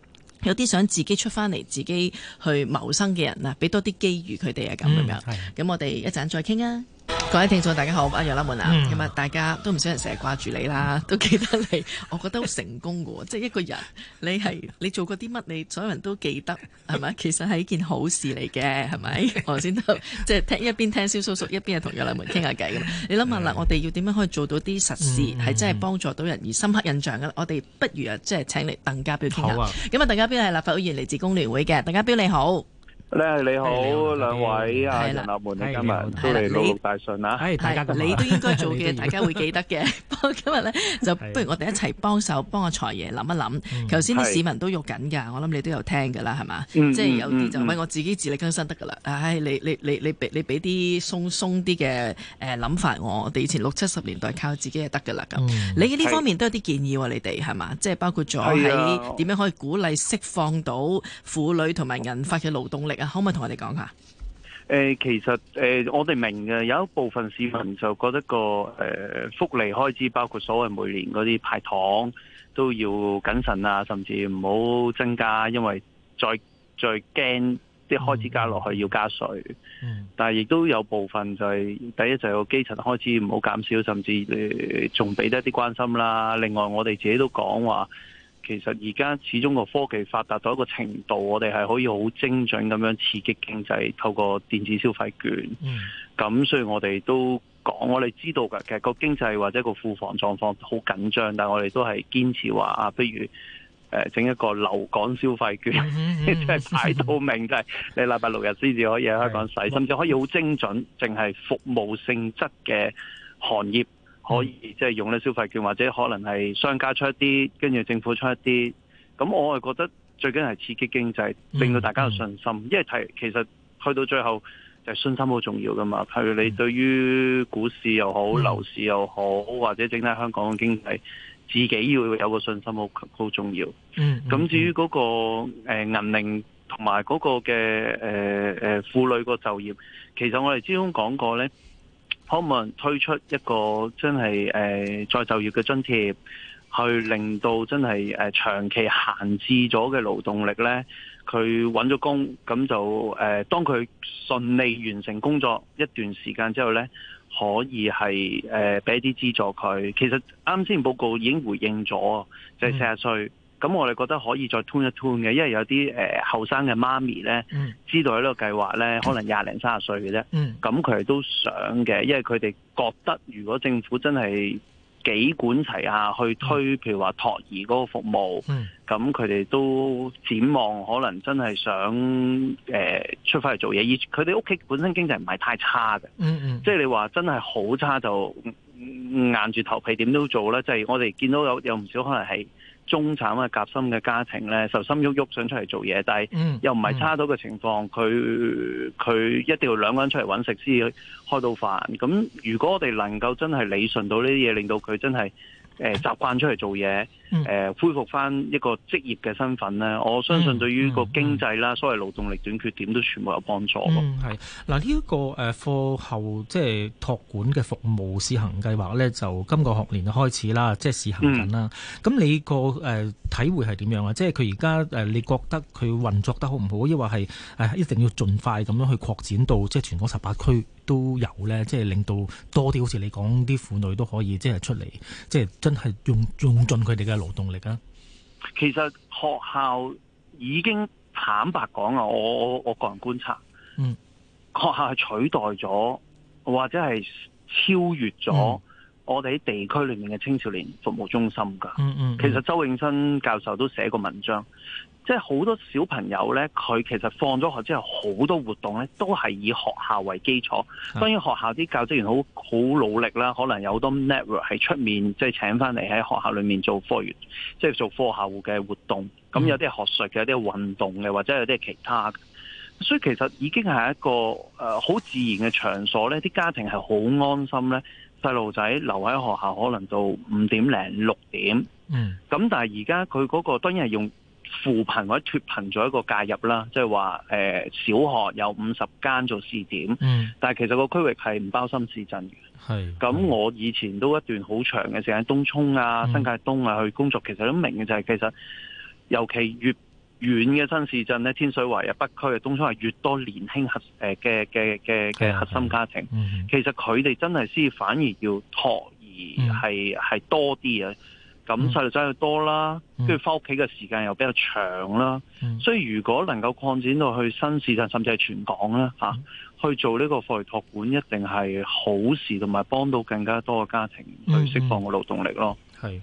有啲想自己出翻嚟、自己去謀生嘅人啊，俾多啲機遇佢哋啊，咁樣。咁我哋一陣再傾啊。各位聽眾大家好，阿楊柳文啊，今、嗯、日大家都唔少人成日掛住你啦，都記得你，我覺得好成功嘅。 即係一個人你係你做過啲乜，你所有人都記得係咪？其實係一件好事嚟嘅，係咪？ 我先即係聽，一邊聽蕭叔叔，一邊係同楊柳文傾下偈咁。你諗下啦，我哋要點樣可以做到啲實事，係、嗯、真係幫助到人而深刻印象嘅、嗯？我哋不如啊，即係請嚟鄧家彪傾下。咁啊，鄧家彪係立法會議員嚟自工聯會嘅， 鄧家彪你好。你好，你好，兩位啊，楊立今日都嚟攞大信啊！大家你都應該做嘅，大家會記得嘅。不過今日咧就不如我哋一齊幫手幫阿財爺諗一諗。頭先啲市民都喐緊㗎，我諗你都有聽㗎啦，係嘛、嗯？即係有啲就喂，我自己自力更生得㗎啦。唉，你你你俾你俾啲鬆鬆啲嘅誒諗法，我哋以前六七十年代靠自己就得㗎啦。咁、嗯、你呢方面都有啲建議喎、啊，你哋係嘛？即係包括咗喺點樣可以鼓勵釋放到婦女同埋銀髮嘅勞動力。可唔可以同我哋講下？誒、呃，其實誒、呃，我哋明嘅，有一部分市民就覺得個誒、呃、福利開支，包括所謂每年嗰啲派糖都要謹慎啊，甚至唔好增加，因為再再驚啲開支加落去要加稅。嗯。但係亦都有部分就係、是、第一就係基層開支唔好減少，甚至誒仲俾得啲關心啦。另外，我哋自己都講話。其實而家始終個科技發達到一個程度，我哋係可以好精準咁樣刺激經濟，透過電子消費券。咁、嗯、雖然我哋都講，我哋知道嘅，其實個經濟或者一個庫房狀況好緊張，但係我哋都係堅持話啊，比如、呃、整一個留港消費券，即係擺到明。就係、是、你禮拜六日先至可以喺香港使，甚至可以好精準，淨係服務性質嘅行業。可以即係用咧消費券，或者可能係商家出一啲，跟住政府出一啲。咁我係覺得最緊係刺激經濟，令到大家有信心。嗯、因為提其實去到最後就是、信心好重要噶嘛。譬如你對於股市又好，樓市又好、嗯，或者整體香港嘅經濟，自己要有個信心好好重要。嗯。咁至於嗰、嗰個誒銀齡同埋嗰個嘅誒誒婦女個就業，其實我哋之中講過咧。可唔可能推出一個真係誒再就業嘅津貼，去令到真係誒、呃、長期閒置咗嘅勞動力咧，佢揾咗工，咁就誒、呃、當佢順利完成工作一段時間之後咧，可以係誒俾一啲資助佢。其實啱先報告已經回應咗，就係四十歲。嗯咁我哋覺得可以再推一推嘅，因為有啲誒後生嘅媽咪呢，嗯、知道喺呢個計劃呢，可能廿零三十歲嘅啫。咁佢哋都想嘅，因為佢哋覺得如果政府真係幾管齊下、啊、去推，譬如話托兒嗰個服務，咁佢哋都展望可能真係想誒、呃、出翻嚟做嘢。以佢哋屋企本身經濟唔係太差嘅，即、嗯、係、嗯就係、你話真係好差就硬住頭皮點都做呢就係、係、我哋見到有有唔少可能係。中產嘅夾心嘅家庭呢，受心喐喐想出嚟做嘢，但係又唔係差到嘅情況，佢、嗯、佢、嗯、一定要兩個人出嚟揾食先開到飯。咁如果我哋能夠真係理順到呢啲嘢，令到佢真係。誒、呃、習慣出嚟做嘢，誒、呃、恢復翻一個職業嘅身份咧、嗯，我相信對於個經濟啦、嗯嗯，所謂勞動力短缺點都全部有幫助。嗯，嗱，呢、啊、一、這個誒課後即係託管嘅服務試行計劃咧，就今個學年開始啦，即係試行緊啦。咁、嗯、你個誒體會係點樣啊？即係佢而家誒，你覺得佢運作得好唔好？抑或係誒一定要盡快咁樣去擴展到即係全港十八區？都有咧，即係令到多啲，好似你講啲婦女都可以，即係出嚟，即係真係用用盡佢哋嘅勞動力啊！其實學校已經坦白講啊，我我個人觀察，嗯，學校係取代咗或者係超越咗我哋喺地區裏面嘅青少年服務中心噶。嗯嗯，嗯，其實周永新教授都寫過文章。即係好多小朋友咧，佢其實放咗學之後，好多活動咧都係以學校為基礎。當然學校啲教職員好好努力啦，可能有好多 network 喺出面，即係請翻嚟喺學校裏面做課餘，即係做課後嘅活動。咁、嗯、有啲係學術嘅，有啲係運動嘅，或者有啲係其他嘅。所以其實已經係一個誒好、呃、自然嘅場所咧，啲家庭係好安心咧。細路仔留喺學校可能到五點零六點。嗯，咁但係而家佢嗰個當然係用。扶貧或者脫貧做一個介入啦，即係話誒小學有五十間做試點，嗯、但係其實個區域係唔包新市鎮嘅。係咁，我以前都一段好長嘅，時間、嗯、喺東涌啊、新界東啊去工作，其實都明嘅，就係、是，其實尤其越遠嘅新市鎮咧，天水圍啊、北區嘅東涌係越多年輕核誒嘅嘅嘅嘅核心家庭，嗯、其實佢哋真係先反而要托兒係係多啲啊。咁細路仔又多啦，跟住翻屋企嘅時間又比較長啦、嗯，所以如果能夠擴展到去新市鎮，甚至係全港呢、啊嗯，去做呢個課餘託管，一定係好事，同埋幫到更加多嘅家庭去釋放個勞動力咯。嗯嗯係。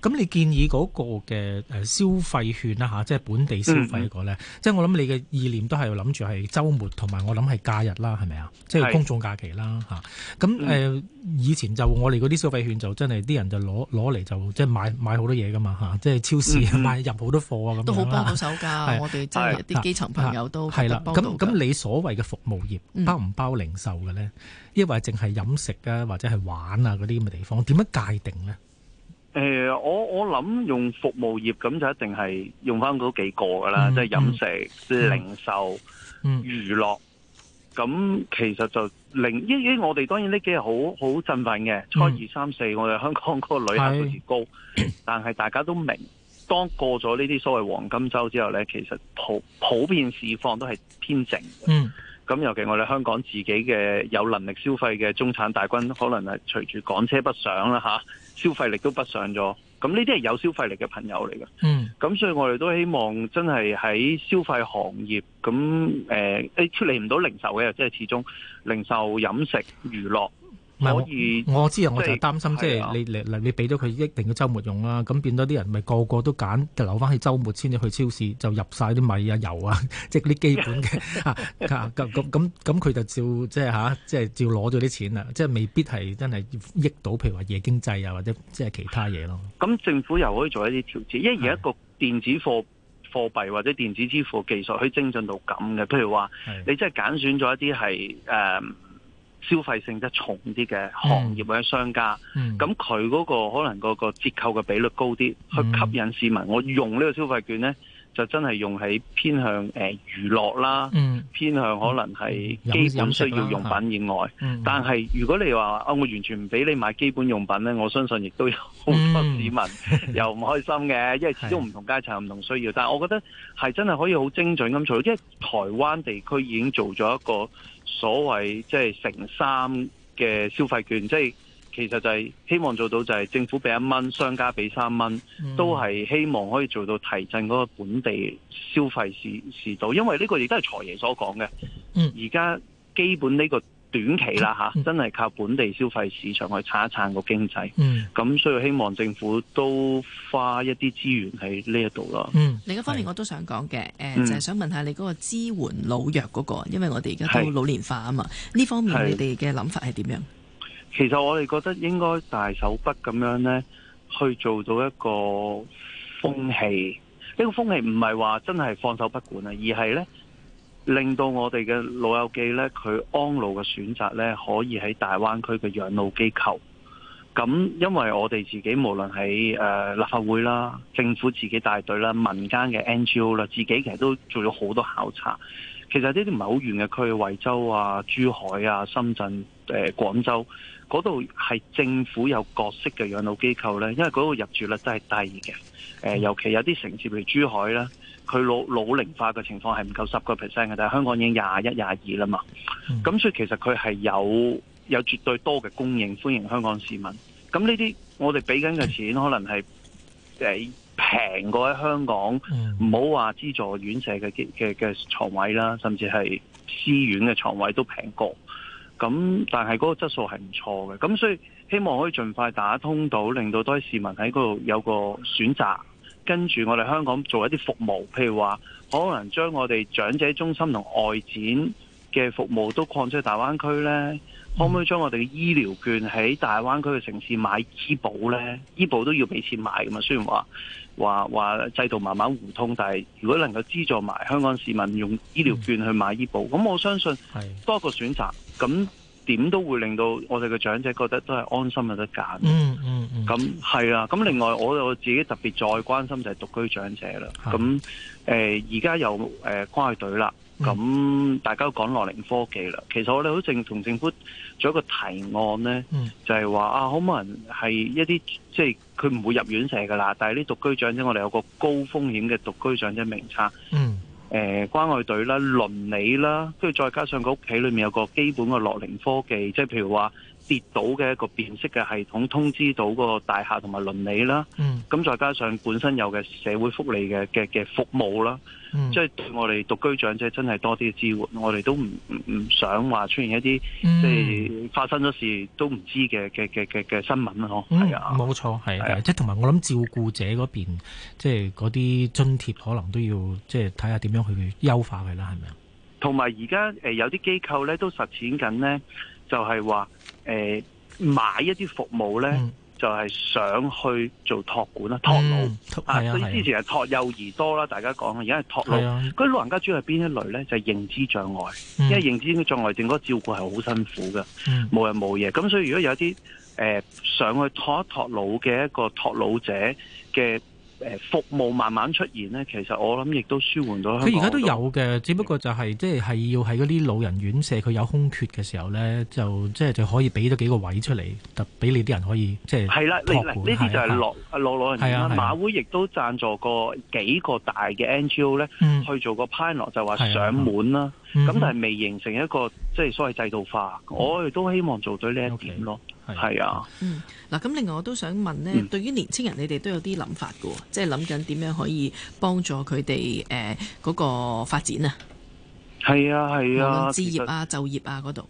咁你建議嗰個嘅呃消費券啦嚇，即係本地消費嗰咧，即、嗯、係我諗你嘅意念都係諗住係週末同埋我諗係假日啦，係咪啊？即、就、係、是、公眾假期啦嚇。咁、呃、以前就我哋嗰啲消費券、嗯、就真係啲人就攞攞嚟就即係買買好多嘢噶嘛即係超市買、嗯、入好多貨啊咁都好幫到手㗎， 我哋真係啲基層朋友都係啦。咁咁你所謂嘅服務業包唔包零售嘅咧？抑、嗯、或淨係飲食啊，或者係玩啊嗰啲咁嘅地方，點樣界定咧？誒、呃，我我諗用服務業咁就一定係用翻嗰幾個噶啦，即係飲食、嗯、零售、娛、嗯、樂。咁其實就零依依，因為我哋當然呢幾日好好振奮嘅。初二、三四，我哋香港嗰個旅客數字高，但係大家都明，當過咗呢啲所謂黃金周之後呢，其實普普遍市況都係偏靜。嗯。咁尤其我哋香港自己嘅有能力消費嘅中產大軍，可能係隨住港車北上啦吓。消費力都不上咗，咁呢啲係有消費力嘅朋友嚟嘅，咁、mm. 所以我哋都希望真係喺消費行業，咁誒，你處理唔到零售嘅，即係始終零售、飲食、娛樂。我，我知啊！我就係擔心，即係、就是、你你你俾咗佢一定要周末用啦，咁變咗啲人咪個個都揀就留翻喺周末先至去超市，就入晒啲米啊油啊，即係啲基本嘅嚇，咁咁咁佢就照即係嚇，即係照攞咗啲錢啦，即、就、係、是、未必係真係益到，譬如話夜經濟啊，或者即係其他嘢咯。咁政府又可以做一啲調節，因為而家個電子貨貨幣或者電子支付技術，可以精進到咁嘅，譬如話你即係揀選咗一啲係誒。Uh, 消費性質重啲嘅行業或者商家，咁佢嗰個可能個個折扣嘅比率高啲、嗯，去吸引市民。我用呢個消費券呢，就真係用喺偏向誒、呃、娛樂啦、嗯，偏向可能係基本需要用品以外。但係如果你話啊、哦，我完全唔俾你買基本用品呢、嗯，我相信亦都有好多市民、嗯、又唔開心嘅， 因為始終唔同階層有唔同需要。但係我覺得係真係可以好精準咁做，因為台灣地區已經做咗一個。所謂即係成三嘅消費券，即係其實就係希望做到就係政府俾一蚊，商家俾三蚊，都係希望可以做到提振嗰個本地消費市市道。因為呢個亦都係財爺所講嘅，而家基本呢個。短期啦吓，真係靠本地消費市場去撐一撐個經濟，嗯，咁所以希望政府都花一啲資源喺呢一度咯。嗯，另一方面我都想講嘅，誒，就係、是、想問下你嗰個支援老弱嗰、那個，因為我哋而家都老年化啊嘛。呢方面你哋嘅諗法係點樣？其實我哋覺得應該大手筆咁樣咧，去做到一個風氣。呢、這個風氣唔係話真係放手不管啊，而係咧。令到我哋嘅老友記呢，佢安老嘅選擇呢，可以喺大灣區嘅養老機構。咁因為我哋自己無論喺立法會啦、政府自己帶隊啦、民間嘅 NGO 啦，自己其實都做咗好多考察。其實呢啲唔係好遠嘅區，惠州啊、珠海啊、深圳、誒、呃、廣州嗰度係政府有角色嘅養老機構呢，因為嗰度入住率都係低嘅，呃。尤其有啲城市譬如珠海啦。佢老老齡化嘅情況係唔夠十個 percent 嘅，但係香港已經廿一廿二啦嘛。咁所以其實，佢係有有絕對多嘅供應，歡迎香港市民。咁呢啲我哋俾緊嘅錢可能係誒平過喺香港，唔好話資助院舍嘅嘅嘅床位啦，甚至係私院嘅床位都平過，咁但係嗰個質素係唔錯嘅。咁所以希望可以盡快打通到，令到多啲市民喺嗰度有個選擇。跟住我哋香港做一啲服務，譬如話可能將我哋長者中心同外展嘅服務都擴出去大灣區咧，可唔可以將我哋嘅醫療券喺大灣區嘅城市買醫保咧？醫保都要俾錢買噶嘛，雖然話話話制度慢慢互通，但係如果能夠資助埋香港市民用醫療券去買醫保，咁、嗯、我相信多一個選擇，咁。點都會令到我哋嘅長者覺得都係安心有得揀。嗯嗯嗯，咁係啊。咁另外，我我自己特別再關心就係獨居長者啦。咁而家又關懷隊啦。咁、嗯、大家都講樂齡科技啦。其實我哋好正同政府做一個提案咧、嗯，就係、是、話啊，可唔可以係一啲即係佢唔會入院舍㗎啦，但係呢獨居長者，我哋有個高風險嘅獨居長者名冊。嗯。誒、呃，關愛隊啦，倫理啦，跟住再加上個屋企裏面有個基本嘅樂齡科技，即係譬如話。跌倒嘅一個辨識嘅系統通知到嗰個大廈同埋鄰里啦，咁、嗯、再加上本身有嘅社會福利嘅嘅嘅服務啦、嗯，即係對我哋獨居長者真係多啲嘅支援，我哋都唔唔想話出現一啲、嗯、即係發生咗事都唔知嘅嘅嘅嘅嘅新聞咯，係、嗯、啊，冇錯，係、啊，即係同埋我諗照顧者嗰邊，即係嗰啲津貼可能都要即係睇下點樣去優化佢啦，係咪啊？同埋而家誒有啲、呃、機構咧都實踐緊咧，就係話。誒、呃，買一啲服務咧、嗯，就係、是、上去做托管啦，托老、嗯、啊。所以、啊、之前係托幼兒多啦，大家講，而家係托老。嗰啲、啊、老人家主要係邊一類咧？就係、是、認知障礙、嗯，因為認知障礙症嗰個照顧係好辛苦嘅，冇人冇嘢。咁所以如果有啲誒、呃、上去托一托老嘅一個托老者嘅。誒服務慢慢出現咧，其實我諗亦都舒緩咗。佢而家都有嘅，只不過就係、是 okay. 即係係要喺嗰啲老人院舍，佢有空缺嘅時候咧，就即係就可以俾多幾個位出嚟，特俾你啲人可以即係。係啦，呢啲就係老老人院啦。馬會亦都贊助過幾個大嘅 NGO 咧、嗯，去做個 pilot 就話上門啦。咁但係未形成一個即係所謂制度化。嗯、我哋都希望做到呢一點咯。Okay. 係啊，嗯，嗱，咁另外我都想問咧，嗯，對於年青人，你哋都有啲諗法嘅喎，即係諗緊點樣可以幫助佢哋誒嗰個發展是啊？係啊，係啊，無論置業啊、就業啊嗰度。誒、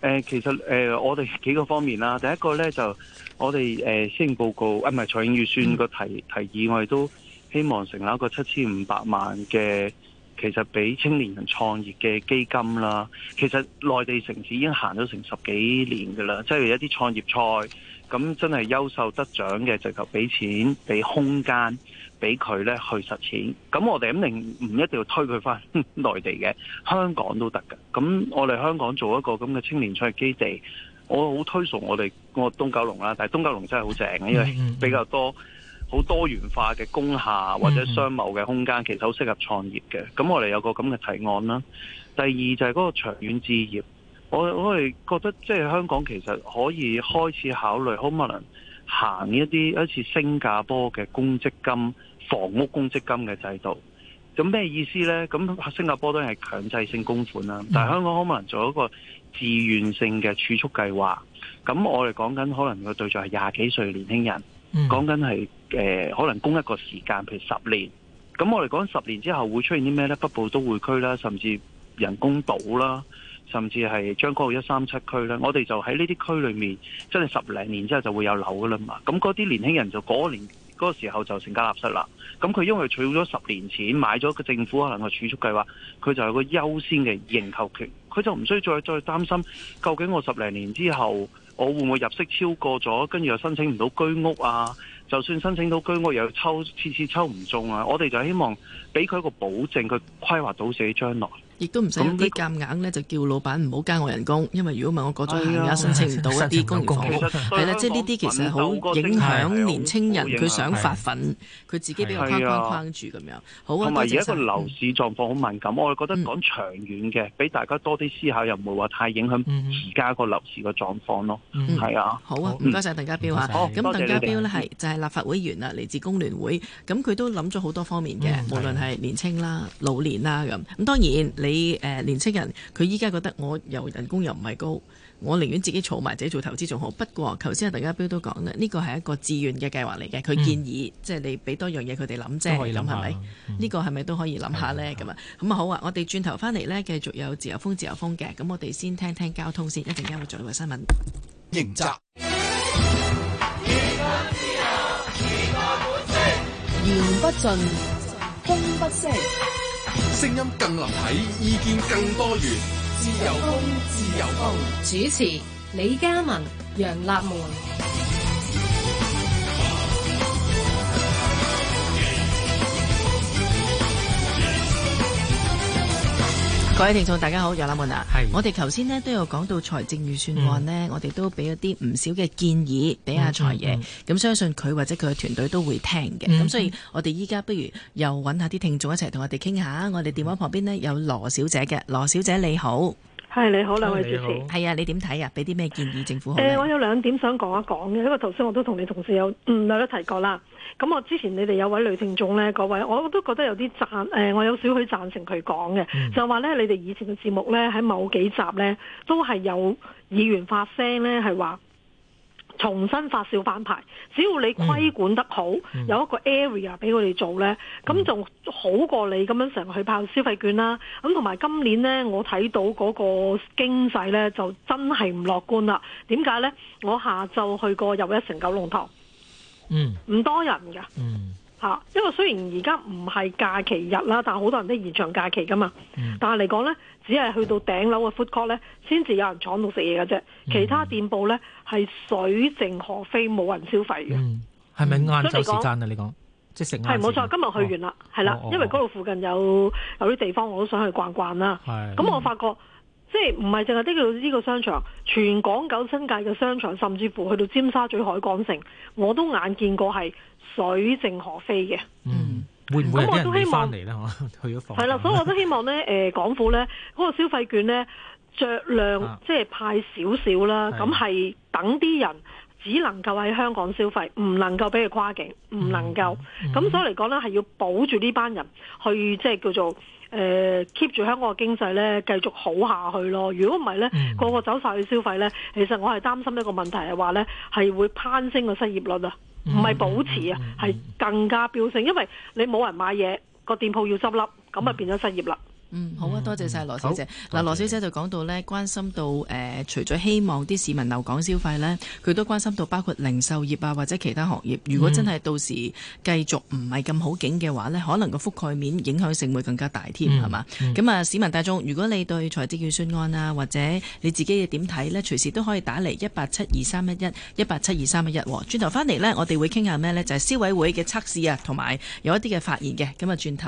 呃，其實誒、呃，我哋幾個方面啦，啊，第一個咧就我哋誒、呃、施政報告，啊唔係財政預算個提提議，我、嗯、哋都希望成立一個七千五百萬嘅。其實俾青年人創業嘅基金啦，其實內地城市已經行咗成十幾年噶啦，即係一啲創業賽，咁真係優秀得獎嘅就求俾錢、俾空間，俾佢咧去實踐。咁我哋肯定唔一定要推佢翻內地嘅，香港都得噶。咁我哋香港做一個咁嘅青年創業基地，我好推崇我哋個東九龍啦，但係東九龍真係好正嘅，因為比較多。好多元化嘅工廈或者商貿嘅空間其實好適合創業嘅。咁我哋有個咁嘅提案啦。第二就係嗰個長遠置業，我我哋覺得即係香港其實可以開始考慮可唔可能行一啲好似新加坡嘅公積金、房屋公積金嘅制度。咁咩意思咧？咁新加坡都係強制性供款啦，但係香港可唔可能做一個自願性嘅儲蓄計劃，咁我哋講緊可能個對象係廿幾歲年輕人，講緊係。誒、呃，可能供一個時間，譬如十年。咁我嚟講，十年之後會出現啲咩呢？北部都會區啦，甚至人工島啦，甚至係將嗰個一三七區啦。我哋就喺呢啲區裏面，真係十零年之後就會有樓噶啦嘛。咁嗰啲年輕人就嗰年嗰、嗰個時候就成家立室啦。咁佢因為取咗十年錢，買咗個政府可能個儲蓄計劃，佢就有個優先嘅認購權，佢就唔需要再再擔心究竟我十零年之後我會唔會入息超過咗，跟住又申請唔到居屋啊？就算申請到居屋又抽，次次抽唔中啊！我哋就希望俾佢一個保證，佢規劃到自己將來。亦都唔使啲夾硬咧，就叫老闆唔好加我人工，因為如果唔係我過咗年，而家申請唔到一啲公營房屋，係啦，即係呢啲其實好影響年青人，佢想發奮，佢自己俾個框框框住咁樣。好啊，同埋而家個樓市狀況好敏感，我覺得講長遠嘅，俾大家多啲思考，又唔會話太影響而家個樓市嘅狀況咯。係啊，好啊，唔該晒鄧家彪啊，咁鄧家彪咧係就係立法會議員啦，嚟自工聯會，咁佢都諗咗好多方面嘅，無論係年青啦、老年啦咁，咁當然你。你誒、呃、年青人，佢依家覺得我又人工又唔係高，我寧願自己儲埋自己做投資仲好。不過，頭先啊，鄧家彪都講咧，呢個係一個自願嘅計劃嚟嘅，佢建議，即、嗯、係、就是、你俾多樣嘢佢哋諗啫，咁係咪？呢個係咪都可以諗下、嗯這個、下呢？咁、嗯、啊，咁、嗯、啊好啊，我哋轉頭翻嚟呢，繼續有自由風自由風嘅，咁我哋先聽聽交通先，一陣間會做呢個新聞。認責言，言，言不盡，風不息。聲音更立體，意見更多元。自由風，自由風。主持：李嘉文、楊立門。各位聽眾，大家好，楊立門啊，係，我哋頭先呢都有講到財政預算案呢、嗯、我哋都俾咗啲唔少嘅建議俾阿財爺，咁、嗯嗯、相信佢或者佢嘅團隊都會聽嘅，咁、嗯、所以我哋依家不如又揾下啲聽眾一齊同我哋傾下。我哋電話旁邊呢，有羅小姐嘅，羅小姐你好，係你好，兩位主持，係啊，你點睇啊？俾啲咩建議政府好、呃？我有兩點想講一講嘅，因為頭先我都同你同事有有得提過啦。咁我之前你哋有位女聽眾咧，各位我都覺得有啲讚誒，我有少許讚成佢講嘅，就話咧你哋以前嘅節目咧喺某幾集咧都係有議員發聲咧係話重新發小販牌，只要你規管得好，嗯、有一個 area 俾我哋做咧，咁、嗯、仲好過你咁樣成日去爆消費券啦。咁同埋今年咧，我睇到嗰個經濟咧就真係唔樂觀啦。點解咧？我下晝去過又一城九龍塘。嗯，唔多人噶，吓、嗯，因為雖然而家唔係假期日啦，但係好多人都延長假期噶嘛，嗯。但係嚟講咧，只係去到頂樓嘅 food court 咧，先至有人闖到食嘢㗎啫。其他店鋪咧係水靜河飛，冇人消費嘅，係咪晏晝時間啊？你講，即係冇錯。今日去完啦，係、哦、啦、哦，因為嗰度附近有有啲地方我都想去逛逛啦。咁、哦、我發覺。嗯即係唔係淨係得度呢個商場，全港九新界嘅商場，甚至乎去到尖沙咀海港城，我都眼見過係水靜河飛嘅。嗯，會唔會有人翻嚟咧？係啦， 所以我都希望呢誒、呃，港府呢嗰、嗰個消費券呢，着量、啊、即係派少少啦。咁係等啲人只能夠喺香港消費，唔能夠俾佢跨境，唔能夠。咁、嗯、所以嚟講呢，係、嗯、要保住呢班人去，即係叫做。誒、呃，keep 住香港嘅經濟咧，繼續好下去咯。如果唔係咧，個個走晒去消費咧，其實我係擔心一個問題係話咧，係會攀升個失業率啊，唔係保持啊，係更加飆升，因為你冇人買嘢，個店鋪要執笠，咁啊變咗失業啦。嗯嗯，好啊，多謝晒羅小姐。嗱，羅小姐就講到咧，關心到誒、呃，除咗希望啲市民留港消費咧，佢都關心到包括零售業啊，或者其他行業。如果真係到時繼續唔係咁好景嘅話咧、嗯，可能個覆蓋面影響性會更加大添，係、嗯、嘛？咁啊、嗯，市民大眾，如果你對財政預算案啊，或者你自己嘅點睇咧，隨時都可以打嚟一八七二三一一一八七二三一一。轉頭翻嚟咧，我哋會傾下咩咧？就係、是、消委會嘅測試啊，同埋有，有一啲嘅發言嘅。咁啊，轉頭。